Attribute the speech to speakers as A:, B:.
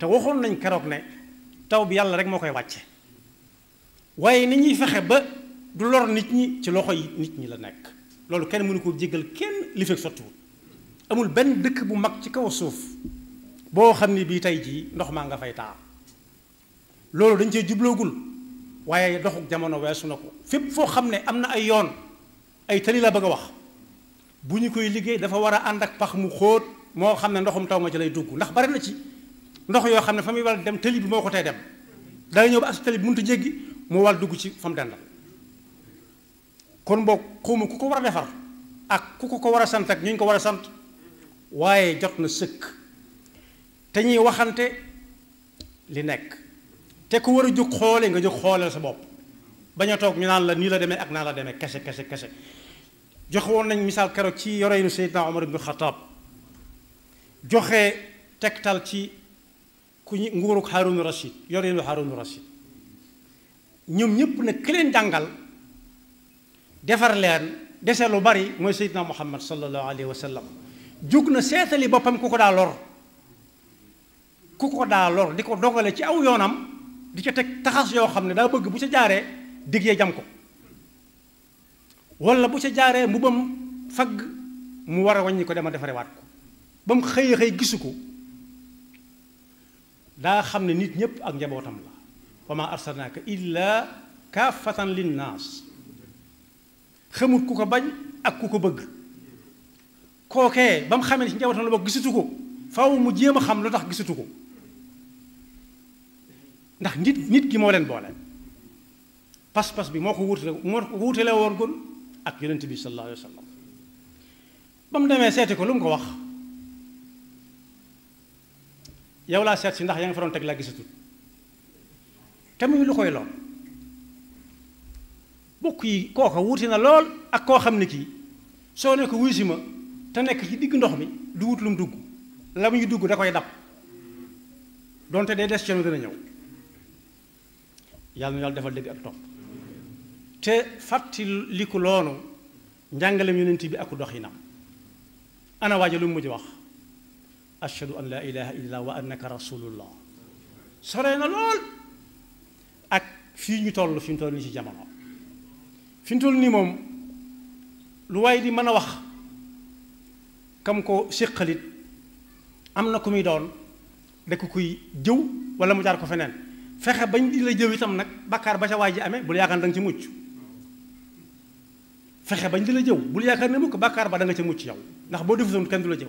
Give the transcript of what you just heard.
A: te waxoon nañ keroog ne taw bi yàlla rek moo koy wàcce waaye ni ñuy fexe ba du lor nit ñi ci loxo yi nit ñi la nekk loolu kenn mënu koo jéggal kenn li fekk sottiwul amul benn dëkk bu mag ci kaw suuf boo xam ne bii tey jii ndox maa nga fay taa loolu dañ cee jubloogul waaye doxuk jamono weesu na ko fépp foo xam ne am na ay yoon ay tali la bëgg a wax bu ñu koy liggéey dafa war a ànd ak pax mu xóot moo xam ne ndoxum taw ma ci lay dugg ndax bari na ci ndox yoo xam ne fa muy war dem tëli bi moo ko tey dem dana ñëw ba ak tëli bi mënut a jéggi mu war dugg ci fa mu kon boo xawma ku ko war a defar ak ku ko ko war a sant ak ñu ñu ko war a sant waaye jot na sëkk te ñuy waxante li nekk te ku war a jóg xoole nga jóg xooleel sa bopp bañ a toog ñu naan la nii la demee ak naa la demee kese kese kese jox woon nañ misaal keroog ci yoreynu Seydina Omar ibnu Xataab joxe tegtal ci ku ñu nguurug Haaruna Rashid yoreelu Haaruna Rashid ñoom ñëpp nag ki leen jàngal defar leen dese lu bari mooy Seydina Muhammad sallallahu alayhi wa sallam jóg na seetali boppam ku ko daa lor ku ko daa lor di ko dogale ci aw yoonam di ca teg taxas yoo xam ne daa bëgg bu ca jaaree diggee jam ko wala bu ca jaaree mu bam fagg mu war a wàññi ko dama defare waat ko ba mu xëy xëy gisu ko daa xam ne nit ñëpp ak njabootam la wa maa ka illaa kaafatan linnaas xamut ku ko bañ ak ku ko bëgg kookee ba mu xamee ne ci njabootam la bokk gisatu ko faw mu jéem a xam lu tax gisatu ko ndax nit nit ki moo leen boole pas-pas bi moo ko wuutale moo ko wuutale woon kon ak yonent bi sallallahu alayhi wa sallam ba mu demee seeti ko lu mu ko wax yow laa seet si ndax yaa nga fa doon teg laa gisatul te muy lu koy lool bokk yi kooka wuute na lool ak koo xam ne kii soo nekk ko ma te nekk ci digg ndox mi du lu mu dugg la muy dugg da koy dab donte day des coono dana ñëw yàlla na yàlla defal dégg ak topp te fàttaliku loonu njàngalem yonent bi ak doxinam ana waaja lu mu mujj wax ashhadu an laa ilaha illallah wa annaka rasulullah sore na lool ak fii ñu toll fi toll nii ci jamono fi ñu toll nii moom lu waaye di mën a wax kam ko séqalit am na ku muy doon da koy jëw walla mu jaar ko feneen fexe bañ di la jëw itam nag bàkkaar ba ca waay ji amee bul yaakaar ne da nga ci mucc fexe bañ di la jëw bul yaakaar ne mukk bàkkaar ba da nga ca mucc yow ndax boo defutoon kenn du la jëw